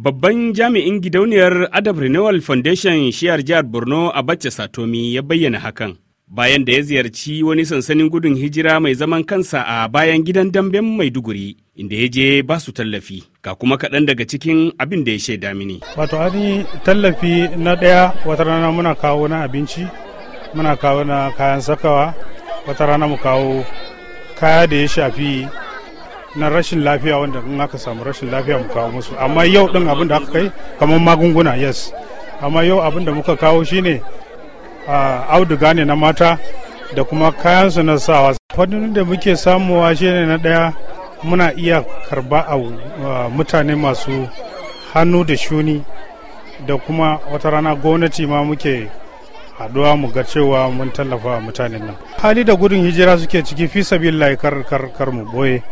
Babban jami'in gidauniyar Adab Renewal Foundation shiyar jihar Borno a Bacce Satomi ya bayyana hakan. Bayan da ya ziyarci wani sansanin gudun hijira mai zaman kansa a bayan gidan damben Maiduguri, inda ya je ba su tallafi, ga kuma kaɗan daga cikin abin da ya shaida mini. Wato yi tallafi na ɗaya wata rana muna kawo na abinci, muna kawo na kayan sakawa, wata rana mu kawo kaya da ya shafi na rashin lafiya wanda in aka samu rashin lafiya mu kawo musu amma yau din abin da aka kai kamar magunguna yes amma yau abin da muka kawo shine auduga ne na mata da kuma kayansu na sawa fadin da muke samuwa shine na daya muna iya karba a mutane masu hannu da shuni da kuma wata rana gwamnati ma muke haduwa mu ga cewa mun tallafa mutanen nan hali da gudun hijira suke ciki fi sabi kar kar mu boye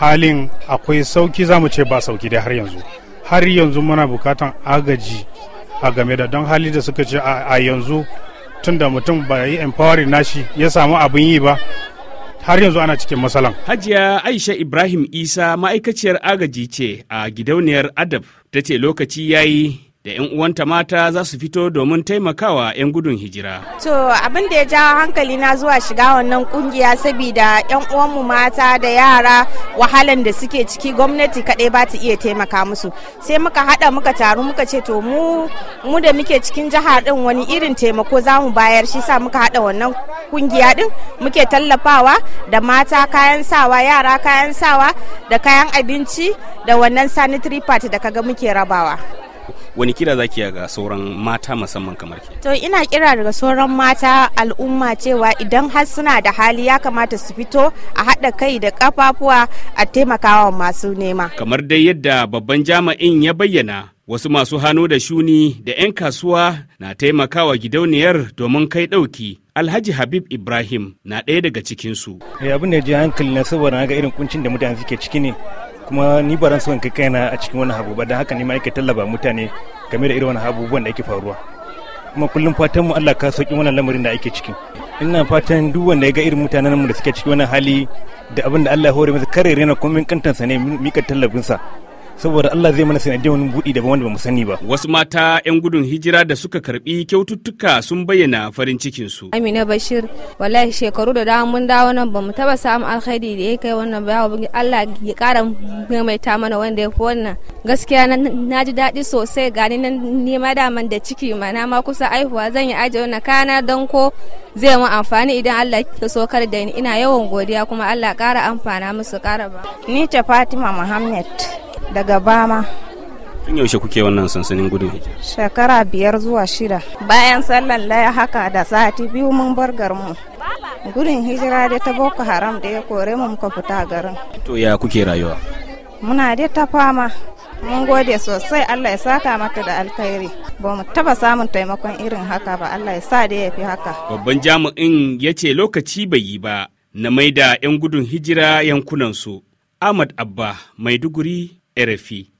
halin akwai sauki za mu ce ba sauki dai har yanzu har yanzu muna bukatan agaji a game da don hali da suka ce a yanzu tun da mutum ba yi empowering nashi ya samu abin yi ba har yanzu ana cikin matsalan. Hajiya Aisha Ibrahim Isa ma'aikaciyar agaji ce a gidauniyar Adab ta ce lokaci ya yi. da 'yan uwanta mata za su fito domin taimakawa 'yan gudun hijira. To abin da ya jawo hankali na zuwa shiga wannan kungiya saboda 'yan uwanmu mata da yara wahalan da suke ciki gwamnati kaɗai ba ta iya taimaka musu. Sai muka haɗa muka taru muka ce to mu mu da muke cikin jihar ɗin wani irin taimako za mu bayar shi sa muka haɗa wannan kungiya ɗin muke tallafawa da mata kayan sawa yara kayan sawa da kayan abinci da wannan sanitary party da kaga muke rabawa. wani kira zaki ga sauran mata musamman kamar ke to ina kira daga sauran mata al'umma cewa idan har suna da hali ya kamata su fito a haɗa kai da kafafuwa a taimakawa masu nema kamar dai yadda babban jami'in ya bayyana wasu masu hannu da shuni da 'yan kasuwa na taimakawa gidauniyar domin kai ɗauki alhaji habib ibrahim na ɗaya daga cikinsu eh, abin da ji hankali na saboda na ga irin kuncin da mutane suke ciki ne kuma ni ba ran so in kai kaina a cikin wani abu ba dan haka ni ma yake tallaba mutane game da irin wani abubuwan da yake faruwa kuma kullum fatan mu Allah ka sauki wannan lamarin da ake ciki ina fatan duk wanda ya ga irin mutanen mu da suke cikin wannan hali da abin da Allah ya hore masa kare rena kuma min kantansa ne mika sa saboda Allah zai mana sanadiyar wani buɗi daban wanda mu sani ba wasu mata yan gudun hijira da suka karbi kyaututtuka sun bayyana farin cikin su Amina Bashir wallahi shekaru da dama mun dawo nan bamu taba samu alkhairi da ya kai wannan ba Allah ya kara ta mana wanda ya fi wannan gaskiya na ji daɗi sosai gani nan ma daman da ciki na ma kusa aihuwa zan yi ajiye wannan kana don ko zai mu amfani idan Allah ya sokar da ni ina yawan godiya kuma Allah kara amfana musu kara ba. Ni ce Fatima Muhammad. daga bama tun yaushe kuke wannan sansanin gudun shekara biyar zuwa shida bayan sallan laya haka da sati biyu mun bar garinmu gudun hijira da ta boko haram da ya kore mu muka fita garin to ya kuke rayuwa muna da ta fama mun gode sosai allah ya saka mata da alkhairi ba mu taba samun taimakon irin haka ba allah ya sa da ya fi haka babban jami'in ya ce lokaci bai yi ba na maida 'yan gudun hijira yankunansu ahmad abba maiduguri rfi